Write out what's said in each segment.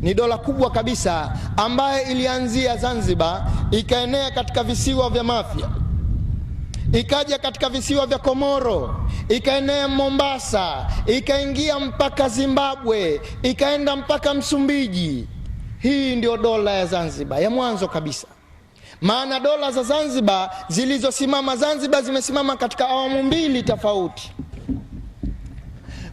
Ni dola kubwa kabisa ambayo ilianzia Zanzibar ikaenea katika visiwa vya Mafia, ikaja katika visiwa vya Komoro, ikaenea Mombasa, ikaingia mpaka Zimbabwe, ikaenda mpaka Msumbiji. Hii ndio dola ya Zanzibar ya mwanzo kabisa. Maana dola za Zanzibar zilizosimama Zanzibar zimesimama katika awamu mbili tofauti.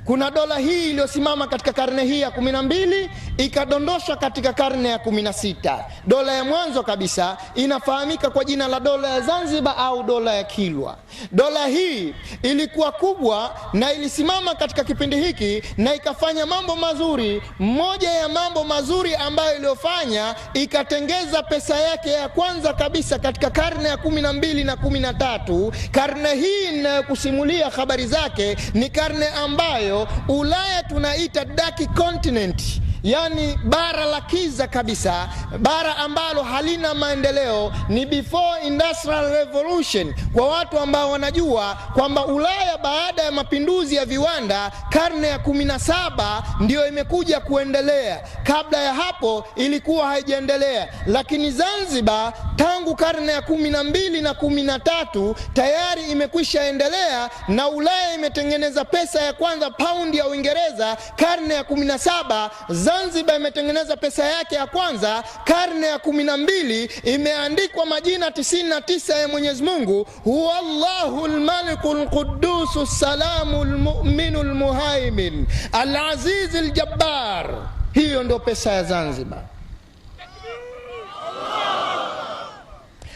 Kuna dola hii iliyosimama katika karne hii ya kumi na mbili ikadondoshwa katika karne ya kumi na sita. Dola ya mwanzo kabisa inafahamika kwa jina la dola ya Zanzibar au dola ya Kilwa. Dola hii ilikuwa kubwa na ilisimama katika kipindi hiki na ikafanya mambo mazuri. Moja ya mambo mazuri ambayo iliyofanya ikatengeza pesa yake ya kwanza kabisa katika karne ya kumi na mbili na kumi na tatu. Karne hii inayokusimulia habari zake ni karne ambayo ambayo Ulaya tunaita dark continent yani bara la kiza kabisa, bara ambalo halina maendeleo, ni before industrial revolution. Kwa watu ambao wanajua kwamba Ulaya baada ya mapinduzi ya viwanda karne ya kumi na saba ndiyo imekuja kuendelea, kabla ya hapo ilikuwa haijaendelea. Lakini Zanzibar tangu karne ya kumi na mbili na kumi na tatu tayari imekwisha endelea, na Ulaya imetengeneza pesa ya kwanza paundi ya Uingereza karne ya kumi na saba. Zanzibar imetengeneza pesa yake ya kwanza karne ya kumi na mbili, imeandikwa majina tisini na tisa ya Mwenyezi Mungu, huwa Allahu lmaliku lqudusu salamu lmuminu lmuhaimin alazizi ljabbar. Hiyo ndio pesa ya Zanzibar,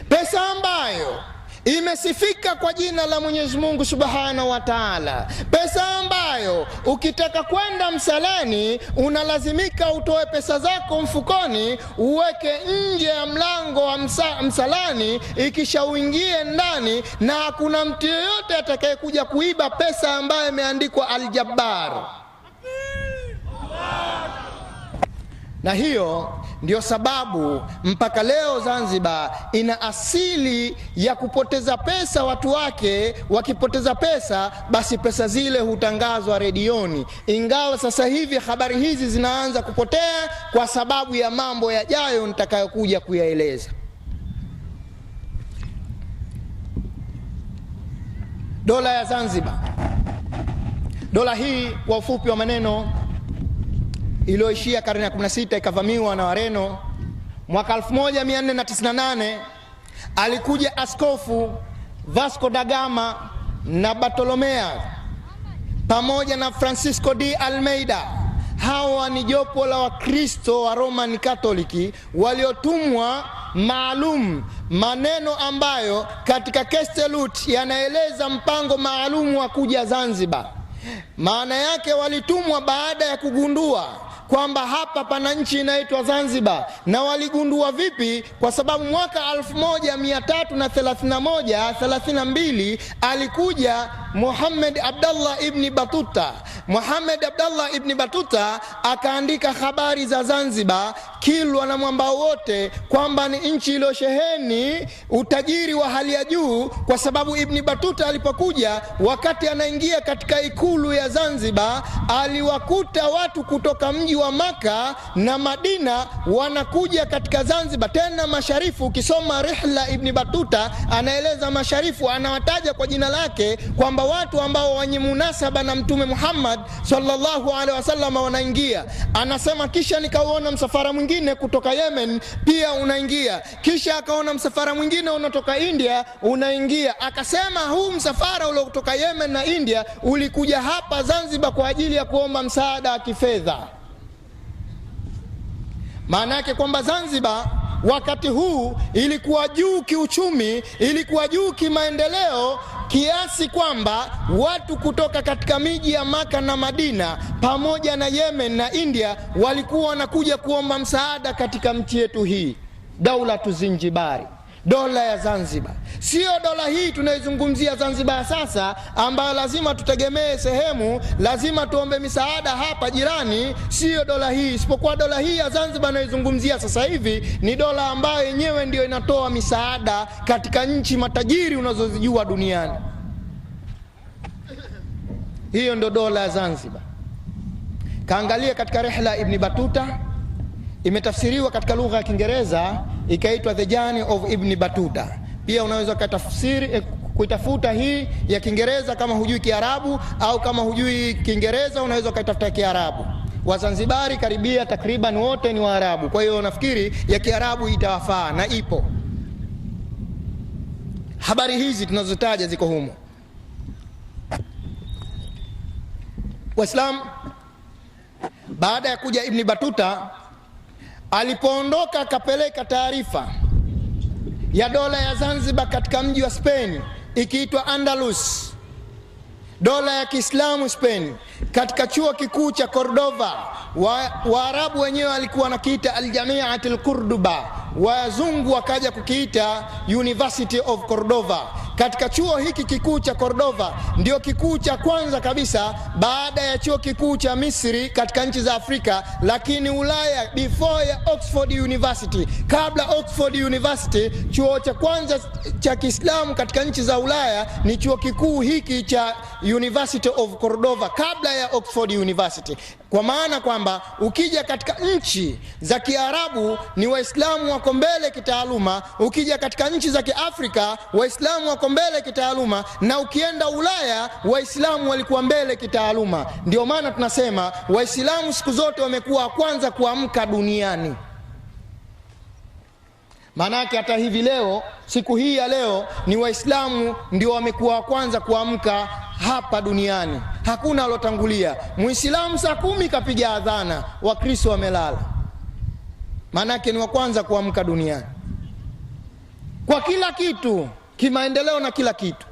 pesa ambayo imesifika kwa jina la Mwenyezi Mungu subhanahu wa taala, pesa ambayo ukitaka kwenda msalani unalazimika utoe pesa zako mfukoni uweke nje ya mlango wa msa, msalani, ikisha uingie ndani, na hakuna mtu yeyote atakayekuja kuiba pesa ambayo imeandikwa Aljabbar na hiyo ndio sababu mpaka leo Zanzibar ina asili ya kupoteza pesa. Watu wake wakipoteza pesa, basi pesa zile hutangazwa redioni, ingawa sasa hivi habari hizi zinaanza kupotea kwa sababu ya mambo yajayo nitakayokuja kuyaeleza. Dola ya Zanzibar, dola hii kwa ufupi wa maneno iliyoishia karne ya 16 ikavamiwa na Wareno. Mwaka 1498 alikuja askofu Vasco da Gama na Bartolomea pamoja na Francisco de Almeida. Hawa ni jopo la Wakristo wa Roman Catholic waliotumwa maalum maneno ambayo katika Kestelut yanaeleza mpango maalum wa kuja Zanzibar. Maana yake walitumwa baada ya kugundua kwamba hapa pana nchi inaitwa Zanzibar. Na waligundua vipi? Kwa sababu mwaka 1331 32 alikuja Muhammad Abdullah ibni Batuta. Muhammad Abdullah ibni Batuta akaandika habari za Zanzibar Kilwa na mwambao wote kwamba ni nchi iliyosheheni utajiri wa hali ya juu, kwa sababu Ibni Batuta alipokuja, wakati anaingia katika ikulu ya Zanzibar, aliwakuta watu kutoka mji wengi wa Maka na Madina wanakuja katika Zanzibar. Tena masharifu, ukisoma Rihla Ibni Batuta anaeleza masharifu, anawataja kwa jina lake kwamba watu ambao wenye munasaba na Mtume Muhammad sallallahu alaihi wasallam wanaingia. Anasema kisha nikauona msafara mwingine kutoka Yemen pia unaingia, kisha akaona msafara mwingine unatoka India unaingia. Akasema huu msafara uliotoka Yemen na India ulikuja hapa Zanzibar kwa ajili ya kuomba msaada wa kifedha. Maana yake kwamba Zanzibar wakati huu ilikuwa juu kiuchumi, ilikuwa juu kimaendeleo kiasi kwamba watu kutoka katika miji ya Maka na Madina pamoja na Yemen na India walikuwa wanakuja kuomba msaada katika nchi yetu hii, daulatu Zinjibari dola ya Zanzibar, sio dola hii tunaizungumzia Zanzibar sasa, ambayo lazima tutegemee sehemu, lazima tuombe misaada hapa jirani, siyo dola hii. Isipokuwa dola hii ya Zanzibar naizungumzia sasa hivi ni dola ambayo yenyewe ndio inatoa misaada katika nchi matajiri unazozijua duniani. Hiyo ndio dola ya Zanzibar. Kaangalia katika rehla Ibni Batuta Imetafsiriwa katika lugha ya Kiingereza ikaitwa The Journey of Ibn Battuta. Pia unaweza kutafsiri eh, kuitafuta hii ya Kiingereza kama hujui Kiarabu au kama hujui Kiingereza unaweza ukaitafuta Kiarabu. Wazanzibari karibia takriban wote ni Waarabu, kwa hiyo nafikiri ya Kiarabu itawafaa na ipo. Habari hizi tunazotaja ziko humo. Waislamu baada ya kuja Ibn Battuta Alipoondoka akapeleka taarifa ya dola ya Zanzibar katika mji wa Spain ikiitwa Andalus, dola ya Kiislamu Spain, katika chuo kikuu cha Cordova. Waarabu wa wenyewe walikuwa wanakiita Aljamiat Alqurduba wazungu wakaja kukiita University of Cordova. Katika chuo hiki kikuu cha Cordova ndio kikuu cha kwanza kabisa baada ya chuo kikuu cha Misri katika nchi za Afrika, lakini Ulaya before ya Oxford University, kabla Oxford University, chuo cha kwanza cha Kiislamu katika nchi za Ulaya ni chuo kikuu hiki cha University of Cordova kabla ya Oxford University kwa maana kwamba ukija katika nchi za Kiarabu ni Waislamu wako mbele kitaaluma, ukija katika nchi za Kiafrika Waislamu wako mbele kitaaluma, na ukienda Ulaya Waislamu walikuwa mbele kitaaluma. Ndio maana tunasema Waislamu siku zote wamekuwa wa kwanza kuamka duniani. Maanake hata hivi leo, siku hii ya leo, ni Waislamu ndio wamekuwa wa kwanza kuamka hapa duniani hakuna alotangulia. Muislamu saa kumi kapiga adhana, Wakristo wamelala, maanake ni wa kwanza kuamka duniani kwa kila kitu, kimaendeleo na kila kitu.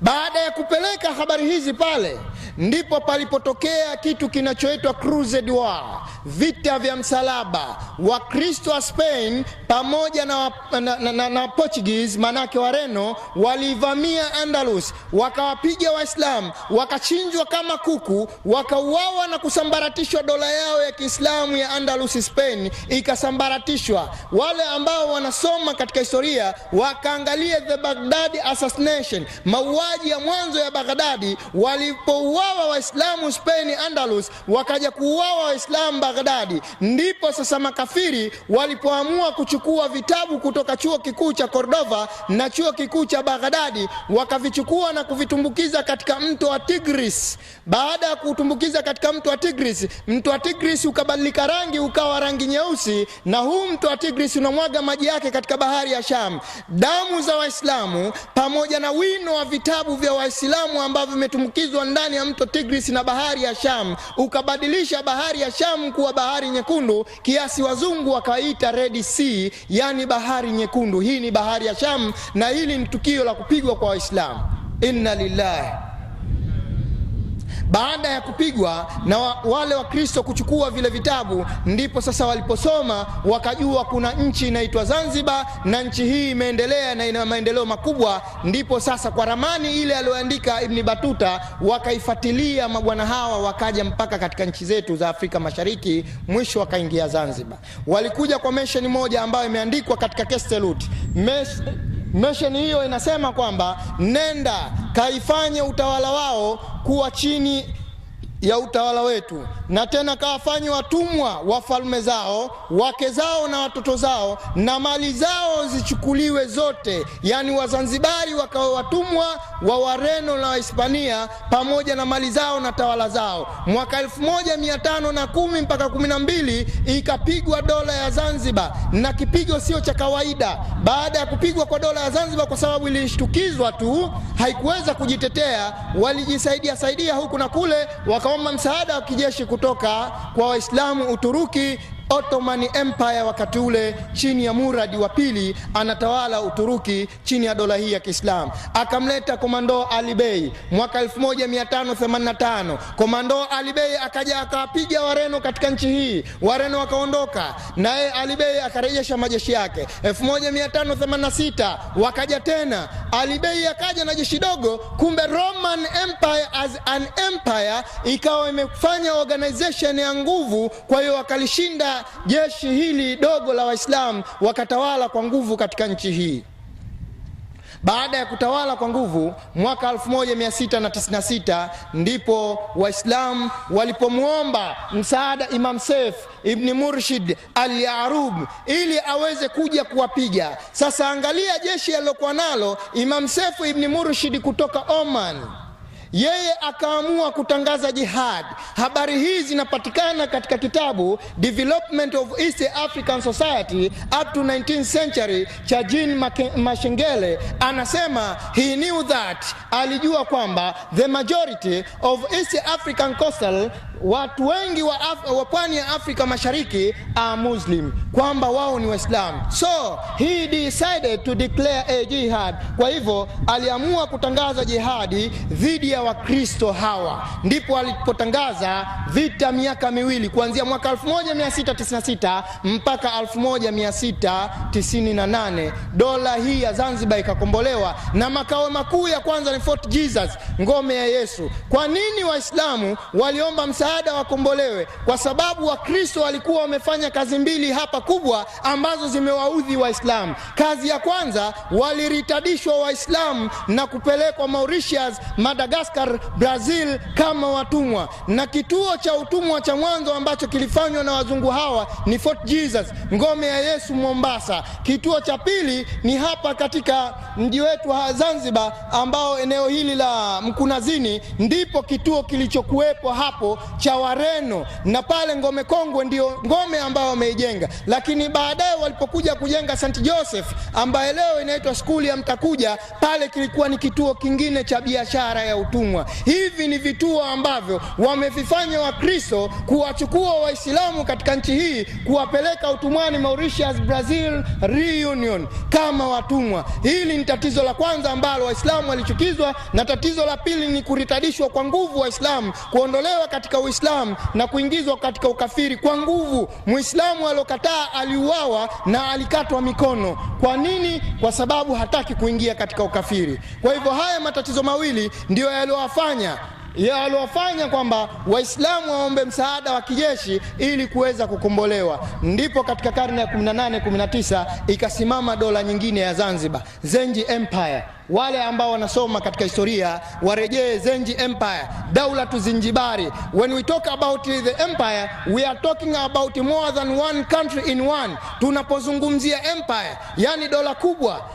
Baada ya kupeleka habari hizi pale, ndipo palipotokea kitu kinachoitwa Crusade War, vita vya msalaba, Wakristo wa Spain pamoja na, na, na, na, na Portuguese manake Wareno walivamia Andalus, wakawapiga Waislamu, wakachinjwa kama kuku, wakauawa na kusambaratishwa. Dola yao ya Kiislamu ya Andalus Spain ikasambaratishwa. Wale ambao wanasoma katika historia wakaangalia the Baghdad assassination, mauaji ya mwanzo ya Baghdadi, walipouawa Waislamu Spain Andalus, wakaja kuuawa Waislamu Baghdadi. Ndipo sasa makafiri walipoamua kuchukua vitabu kutoka chuo kikuu cha Cordova na chuo kikuu cha Baghdadi, wakavichukua na kuvitumbukiza katika mto wa Tigris. Baada ya kutumbukiza katika mto wa Tigris, mto wa Tigris ukabadilika rangi, ukawa rangi nyeusi, na huu mto wa Tigris unamwaga maji yake katika bahari ya Sham. Damu za Waislamu pamoja na wino wa vitabu vya Waislamu ambavyo vimetumkizwa ndani ya mto Tigris na bahari ya Sham ukabadilisha bahari ya Sham kuwa bahari nyekundu kiasi wazungu wakaita Red Sea, yani bahari nyekundu. Hii ni bahari ya Sham, na hili ni tukio la kupigwa kwa Waislamu. Inna lillahi baada ya kupigwa na wale Wakristo kuchukua vile vitabu, ndipo sasa waliposoma wakajua kuna nchi inaitwa Zanzibar na nchi hii imeendelea na ina maendeleo makubwa. Ndipo sasa kwa ramani ile aliyoandika Ibni Batuta wakaifuatilia mabwana hawa, wakaja mpaka katika nchi zetu za Afrika Mashariki, mwisho wakaingia Zanzibar. Walikuja kwa mesheni moja ambayo imeandikwa katika Kestelut Mission hiyo inasema kwamba nenda kaifanye utawala wao kuwa chini ya utawala wetu na tena kawafanye watumwa wa falme zao, wake zao na watoto zao, na mali zao zichukuliwe zote. Yaani Wazanzibari wakawe watumwa wa Wareno na Wahispania pamoja na mali zao na tawala zao. Mwaka kumi mpaka mbili ikapigwa dola ya Zanzibar, na kipigo sio cha kawaida. Baada ya kupigwa kwa dola ya Zanzibar, kwa sababu ilishtukizwa tu, haikuweza kujitetea, walijisaidia saidia huku na kule, wakaomba msaada wa kijeshi kutoka kwa Waislamu Uturuki Ottoman Empire wakati ule chini ya Muradi wa pili anatawala Uturuki chini ya dola hii ya Kiislamu. Akamleta komando Ali Bey mwaka 1585. Komando Ali Bey akaja akawapiga Wareno katika nchi hii, Wareno wakaondoka, naye Ali Bey akarejesha majeshi yake. 1586 wakaja tena alibei akaja na jeshi dogo, kumbe Roman Empire as an empire ikawa imefanya organization ya nguvu. Kwa hiyo wakalishinda jeshi hili dogo la Waislamu, wakatawala kwa nguvu katika nchi hii. Baada ya kutawala kwa nguvu mwaka 1696 ndipo Waislamu walipomwomba msaada Imam Saif ibni Murshid al-Yarub ili aweze kuja kuwapiga. Sasa angalia jeshi alilokuwa nalo Imam Saif ibni Murshid kutoka Oman yeye akaamua kutangaza jihad. Habari hii zinapatikana katika kitabu Development of East African Society up to 19th Century cha Jean Mashengele. Anasema he knew that, alijua kwamba the majority of East African coastal, watu wengi wa, Af wa pwani ya Afrika Mashariki are Muslim, kwamba wao ni waislam So he decided to declare a jihad. Kwa hivyo aliamua kutangaza jihadi dhidi ya ya Wakristo hawa, ndipo alipotangaza vita miaka miwili kuanzia mwaka 1696 mpaka 1698. Dola hii ya Zanzibar ikakombolewa na makao makuu ya kwanza ni Fort Jesus, ngome ya Yesu. Kwa nini Waislamu waliomba msaada wakombolewe? Kwa sababu Wakristo walikuwa wamefanya kazi mbili hapa kubwa ambazo zimewaudhi Waislamu. Kazi ya kwanza, waliritadishwa Waislamu na kupelekwa Mauritius, Madagascar Madagascar, Brazil kama watumwa, na kituo cha utumwa cha mwanzo ambacho kilifanywa na wazungu hawa ni Fort Jesus, ngome ya Yesu Mombasa. Kituo cha pili ni hapa katika mji wetu wa Zanzibar, ambao eneo hili la Mkunazini ndipo kituo kilichokuwepo hapo cha Wareno, na pale ngome kongwe ndio ngome ambayo wameijenga, lakini baadaye walipokuja kujenga St Joseph ambaye leo inaitwa skuli ya Mtakuja, pale kilikuwa ni kituo kingine cha biashara ya utumwa watumwa. Hivi ni vituo ambavyo wamevifanya Wakristo kuwachukua Waislamu katika nchi hii kuwapeleka utumwani Mauritius, Brazil, Reunion kama watumwa. Hili ni tatizo la kwanza ambalo Waislamu walichukizwa, na tatizo la pili ni kuritadishwa kwa nguvu Waislamu, kuondolewa katika Uislamu na kuingizwa katika ukafiri kwa nguvu. Muislamu aliokataa aliuawa na alikatwa mikono. Kwa nini? Kwa sababu hataki kuingia katika ukafiri. Kwa hivyo haya matatizo mawili ndiyo aliowafanya ya kwamba Waislamu waombe msaada wa kijeshi ili kuweza kukombolewa. Ndipo katika karne ya 18 19 ikasimama dola nyingine ya Zanzibar, Zenji Empire. Wale ambao wanasoma katika historia warejee Zenji Empire, tu Zinjibari. When we talk about the empire we are talking about more than one country in one. Tunapozungumzia empire, yani dola kubwa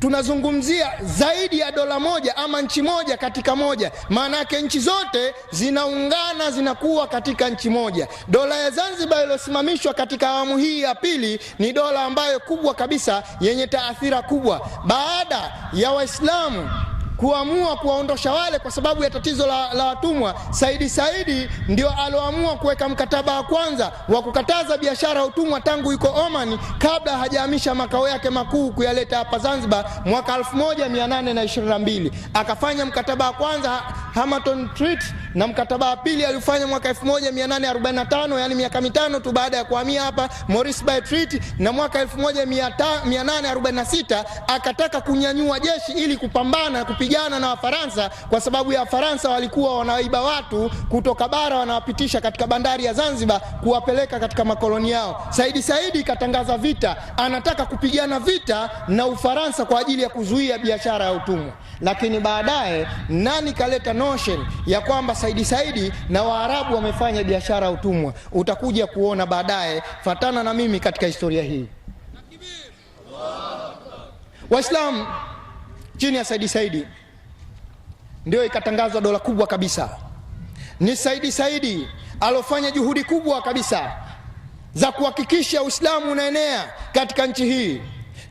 tunazungumzia zaidi ya dola moja ama nchi moja katika moja, maana yake nchi zote zinaungana zinakuwa katika nchi moja. Dola ya Zanzibar iliyosimamishwa katika awamu hii ya pili ni dola ambayo kubwa kabisa yenye taathira kubwa baada ya Waislamu kuamua kuwaondosha wale kwa sababu ya tatizo la la watumwa. Saidi Saidi ndio aloamua kuweka mkataba wa kwanza wa kukataza biashara ya utumwa tangu yuko Oman, kabla hajahamisha makao yake makuu kuyaleta hapa Zanzibar mwaka 1822 akafanya mkataba wa kwanza Hamilton Treat na mkataba wa pili aliofanya mwaka 1845, yani miaka mitano tu baada ya kuhamia hapa, Morris Bay Treat, na mwaka 1846 akataka kunyanyua jeshi ili kupambana kupi kupigana na Wafaransa kwa sababu ya Wafaransa walikuwa wanaiba watu kutoka bara wanawapitisha katika bandari ya Zanzibar kuwapeleka katika makoloni yao. Saidi Saidi katangaza vita, anataka kupigana vita na Ufaransa kwa ajili ya kuzuia biashara ya utumwa. Lakini baadaye nani kaleta notion ya kwamba Saidi Saidi na Waarabu wamefanya biashara ya utumwa? Utakuja kuona baadaye, fatana na mimi katika historia hii. Waislamu chini ya Saidi Saidi ndio ikatangazwa dola kubwa kabisa. Ni Saidi Saidi alofanya juhudi kubwa kabisa za kuhakikisha Uislamu unaenea katika nchi hii.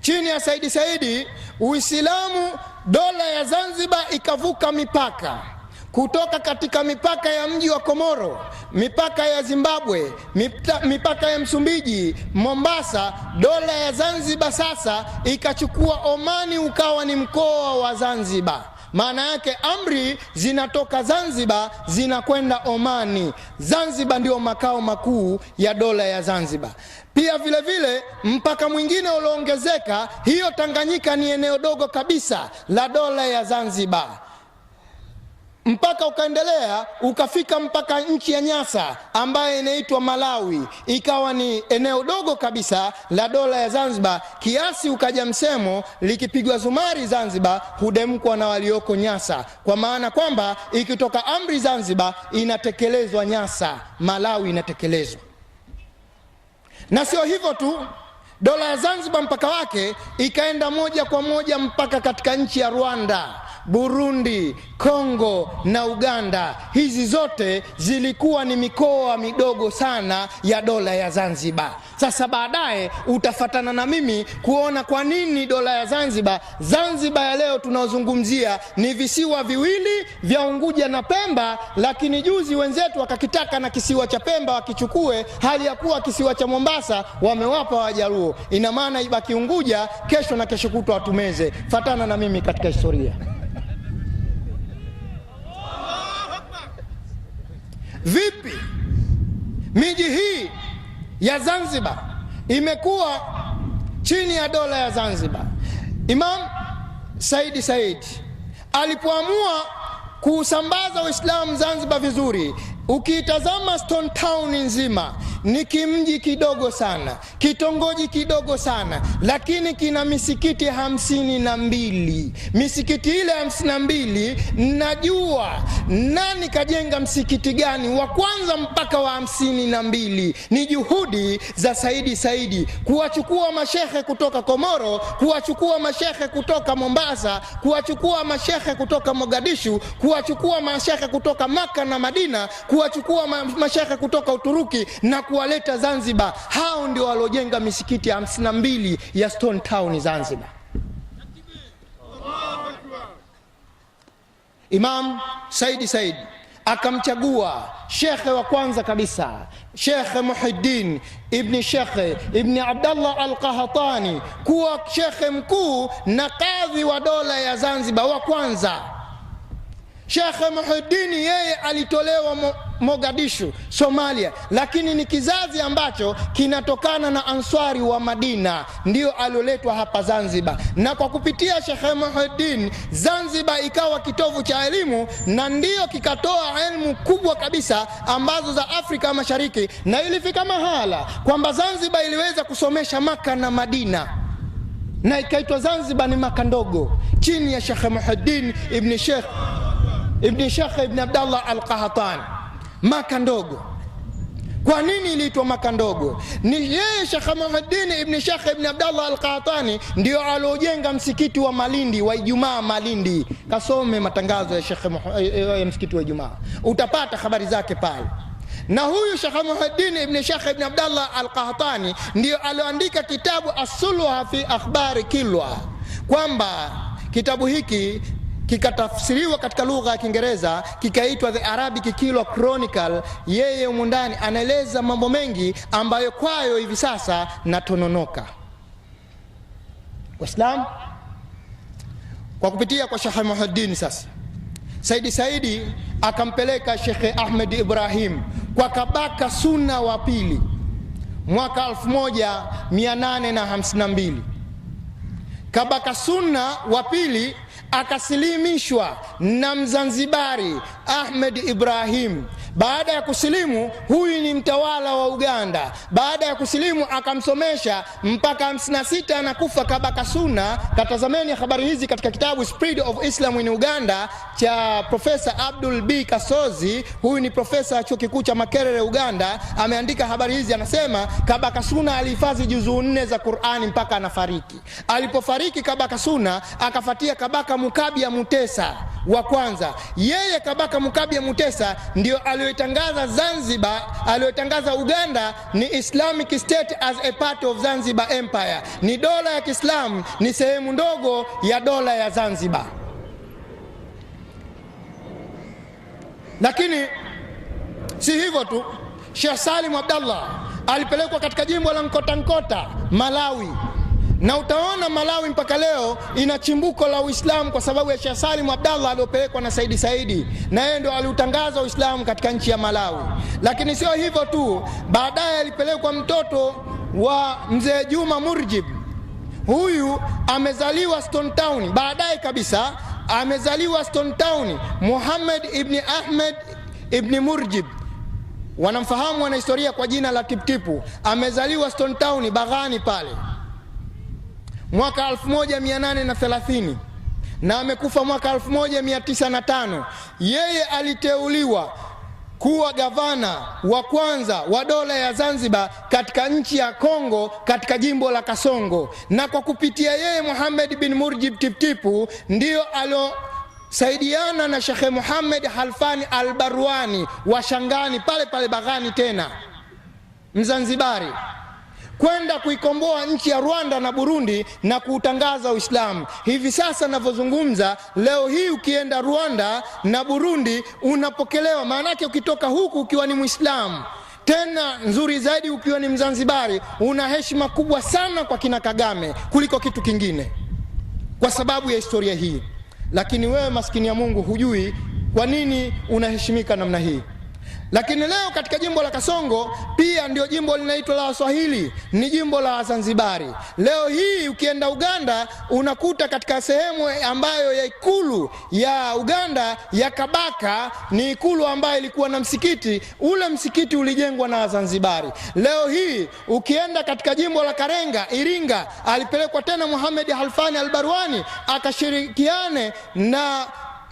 Chini ya Saidi Saidi Uislamu, dola ya Zanzibar ikavuka mipaka kutoka katika mipaka ya mji wa Komoro mipaka ya Zimbabwe, mipaka ya Msumbiji, Mombasa, dola ya Zanzibar sasa ikachukua Omani ukawa ni mkoa wa Zanzibar. Maana yake amri zinatoka Zanzibar zinakwenda Omani. Zanzibar ndio makao makuu ya dola ya Zanzibar. Pia vile vile mpaka mwingine ulioongezeka, hiyo Tanganyika ni eneo dogo kabisa la dola ya Zanzibar mpaka ukaendelea ukafika mpaka nchi ya Nyasa ambayo inaitwa Malawi, ikawa ni eneo dogo kabisa la dola ya Zanzibar, kiasi ukaja msemo likipigwa zumari Zanzibar hudemkwa na walioko Nyasa, kwa maana kwamba ikitoka amri Zanzibar inatekelezwa Nyasa, Malawi inatekelezwa. Na sio hivyo tu, dola ya Zanzibar mpaka wake ikaenda moja kwa moja mpaka katika nchi ya Rwanda Burundi, Kongo na Uganda. Hizi zote zilikuwa ni mikoa midogo sana ya dola ya Zanzibar. Sasa baadaye utafatana na mimi kuona kwa nini dola ya Zanzibar. Zanzibar ya leo tunaozungumzia ni visiwa viwili vya Unguja na Pemba, lakini juzi wenzetu wakakitaka na kisiwa cha Pemba wakichukue, hali ya kuwa kisiwa cha Mombasa wamewapa wajaruo Ina maana ibaki Unguja, kesho na kesho kutwa watumeze. Fatana na mimi katika historia. Vipi miji hii ya Zanzibar imekuwa chini ya dola ya Zanzibar? Imam Saidi Said alipoamua kuusambaza Uislamu Zanzibar vizuri, Ukiitazama Stone Town nzima ni kimji kidogo sana, kitongoji kidogo sana, lakini kina misikiti hamsini na mbili. Misikiti ile hamsini na mbili, najua nani kajenga msikiti gani wa kwanza mpaka wa hamsini na mbili. Ni juhudi za Saidi Saidi kuwachukua mashehe kutoka Komoro, kuwachukua mashehe kutoka Mombasa, kuwachukua mashehe kutoka Mogadishu, kuwachukua mashehe kutoka Maka na Madina kuwachukua mashaka kutoka Uturuki na kuwaleta Zanzibar. Hao ndio waliojenga misikiti hamsini na mbili ya Stone Town Zanzibar. Imam Saidi Saidi akamchagua shekhe wa kwanza kabisa Shekhe Muhiddin ibni Shekhe ibni Abdallah Alqahatani kuwa shekhe mkuu na kadhi wa dola ya Zanzibar wa kwanza. Shekhe muhiddin yeye alitolewa Mogadishu, Somalia, lakini ni kizazi ambacho kinatokana na Answari wa Madina, ndio alioletwa hapa Zanzibar, na kwa kupitia Shekhe Muhiddin Zanzibar ikawa kitovu cha elimu na ndio kikatoa elimu kubwa kabisa ambazo za Afrika Mashariki, na ilifika mahala kwamba Zanzibar iliweza kusomesha Maka na Madina na ikaitwa Zanzibar ni Maka ndogo chini ya Sheikh Muhiddin ibn Sheikh ibn Sheikh ibn Abdallah Al-Qahtani. Maka ndogo. Kwa nini iliitwa Maka ndogo? Ni yeye Shekh muhaddin ibn Shekh ibn Abdallah alqatani ndio aliojenga msikiti wa Malindi wa Ijumaa Malindi. Kasome matangazo ya Shekh eh, eh, ya msikiti wa Ijumaa, utapata habari zake pale. Na huyu Shekh muhaddin ibn Shekh ibn Abdallah alqatani ndio alioandika kitabu as fi akhbari Kilwa, kwamba kitabu hiki kikatafsiriwa katika lugha ya Kiingereza kikaitwa The Arabic Kilwa Chronicle. Yeye humu ndani anaeleza mambo mengi ambayo kwayo hivi sasa natononoka. waislam kwa kupitia kwa Sheikh Muhuddin sasa Saidi Saidi akampeleka Shekhe Ahmed Ibrahim kwa kabaka suna wa pili mwaka 1852 kabaka suna wa pili akasilimishwa na Mzanzibari Ahmed Ibrahim baada ya kusilimu, huyu ni mtawala wa Uganda. Baada ya kusilimu akamsomesha mpaka 56 anakufa kabaka Suna. Katazameni habari hizi katika kitabu Spread of Islam in Uganda cha Profesa Abdul B Kasozi. Huyu ni profesa chuo kikuu cha Makerere Uganda, ameandika habari hizi. Anasema kabaka Suna alihifadhi juzuu nne za Qur'ani mpaka anafariki. Alipofariki kabaka Suna akafatia kabaka Mukabya Mutesa wa kwanza. Yeye kabaka Mukabya Mutesa ndio ali aliyoitangaza Zanzibar, aliyoitangaza Uganda ni Islamic State as a part of Zanzibar Empire, ni dola ya Kiislamu, ni sehemu ndogo ya dola ya Zanzibar. Lakini si hivyo tu, Sheikh Salim Abdallah alipelekwa katika jimbo la Nkota Nkota Malawi na utaona Malawi mpaka leo ina chimbuko la Uislamu kwa sababu ya Sheikh Salim Abdallah aliyopelekwa na Saidi Saidi, na yeye ndio aliutangaza Uislamu katika nchi ya Malawi. Lakini sio hivyo tu, baadaye alipelekwa mtoto wa mzee Juma Murjib. Huyu amezaliwa Stone Town, baadaye kabisa amezaliwa Stone Town, Muhammad ibni Ahmed ibni Murjib wanamfahamu wanahistoria kwa jina la Tiptipu. Amezaliwa Stone Town Baghani pale mwaka 1830 na amekufa mwaka 1905. Yeye aliteuliwa kuwa gavana wa kwanza wa dola ya Zanzibar katika nchi ya Kongo katika jimbo la Kasongo, na kwa kupitia yeye Muhammad bin Murjib Tiptipu ndiyo alio saidiana na Shekhe Muhammad Halfani Albarwani wa Shangani pale pale Baghani, tena Mzanzibari kwenda kuikomboa nchi ya Rwanda na Burundi na kuutangaza Uislamu. Hivi sasa navyozungumza, leo hii ukienda Rwanda na Burundi unapokelewa, maanake ukitoka huku ukiwa ni Muislamu tena nzuri zaidi ukiwa ni Mzanzibari, una heshima kubwa sana kwa kina Kagame kuliko kitu kingine, kwa sababu ya historia hii. Lakini wewe maskini ya Mungu, hujui kwa nini unaheshimika namna hii. Lakini leo katika jimbo la Kasongo pia ndio jimbo linaitwa la Waswahili, ni jimbo la Wazanzibari. Leo hii ukienda Uganda unakuta katika sehemu ambayo ya ikulu ya Uganda ya Kabaka ni ikulu ambayo ilikuwa na msikiti. Ule msikiti ulijengwa na Wazanzibari. Leo hii ukienda katika jimbo la Karenga, Iringa, alipelekwa tena Muhammad Halfani Albarwani akashirikiane na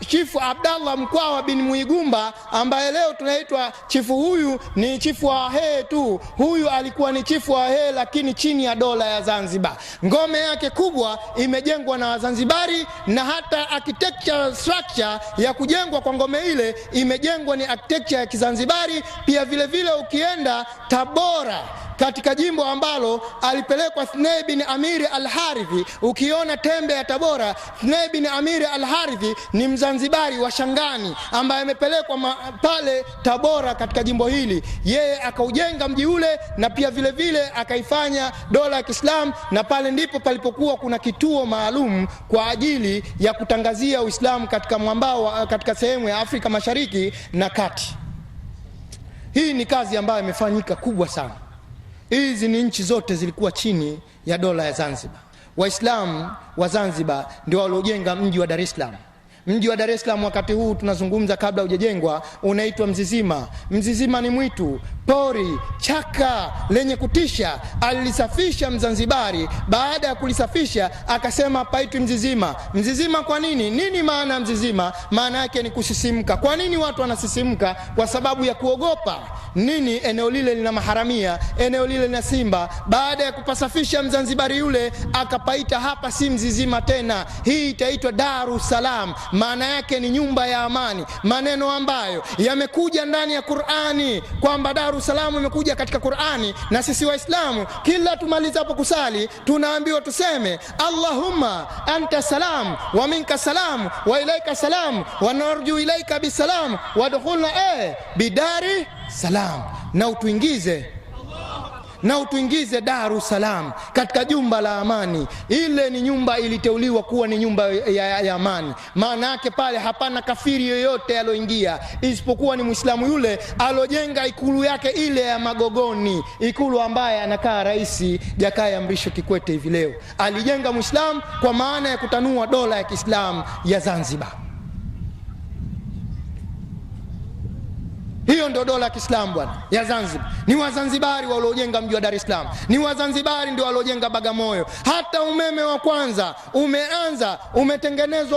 Chifu Abdallah Mkwawa bin Mwigumba ambaye leo tunaitwa chifu, huyu ni chifu wa Wahee tu. Huyu alikuwa ni chifu wa Wahee lakini chini ya dola ya Zanzibar. Ngome yake kubwa imejengwa na Wazanzibari na hata architecture structure ya kujengwa kwa ngome ile imejengwa ni architecture ya Kizanzibari. Pia vilevile vile ukienda Tabora katika jimbo ambalo alipelekwa thnei bin Amiri Harithi. Ukiona tembe ya Tabora, thnei bin Amiri Harithi ni Mzanzibari wa Shangani ambaye amepelekwa pale Tabora katika jimbo hili, yeye akaujenga mji ule na pia vilevile akaifanya dola ya Kiislamu, na pale ndipo palipokuwa kuna kituo maalum kwa ajili ya kutangazia Uislamu katika mwambao, katika sehemu ya Afrika Mashariki na Kati. Hii ni kazi ambayo imefanyika kubwa sana hizi ni nchi zote zilikuwa chini ya dola ya Zanzibar. Waislamu wa Zanzibar ndio waliojenga mji wa Dar es Salaam. Mji wa Dar es Salaam wakati huu tunazungumza, kabla hujajengwa, unaitwa Mzizima. Mzizima ni mwitu pori chaka lenye kutisha alilisafisha Mzanzibari. Baada ya kulisafisha akasema paitwi Mzizima. Mzizima kwa nini? Nini maana Mzizima? Maana yake ni kusisimka. Kwa nini watu wanasisimka? Kwa sababu ya kuogopa nini? Eneo lile lina maharamia, eneo lile lina simba. Baada ya kupasafisha Mzanzibari yule akapaita hapa si Mzizima tena, hii itaitwa Daru Salam, maana yake ni nyumba ya amani, maneno ambayo yamekuja ndani ya Qurani kwamba Daru Salamu imekuja katika Qur'ani, na sisi Waislamu kila tumalizapo kusali tunaambiwa tuseme Allahumma anta salam wa minka salam wa ilaika salam wa narju ilaika bisalam wadkhulna e eh, bidari salam, na utuingize na utuingize Daru Salam katika jumba la amani. Ile ni nyumba iliteuliwa kuwa ni nyumba ya, ya amani. Maana yake pale hapana kafiri yoyote aloingia, isipokuwa ni Mwislamu yule alojenga ikulu yake ile ya Magogoni, ikulu ambaye anakaa Rais Jakaya Mrisho Kikwete hivi leo. Alijenga Mwislamu kwa maana ya kutanua dola ya Kiislamu ya Zanzibar. Hiyo ndio dola ya Kiislamu bwana ya Zanzibar. Ni Wazanzibari waliojenga mji wa Dar es Salaam, ni Wazanzibari ndio waliojenga Bagamoyo. Hata umeme wa kwanza umeanza umetengenezwa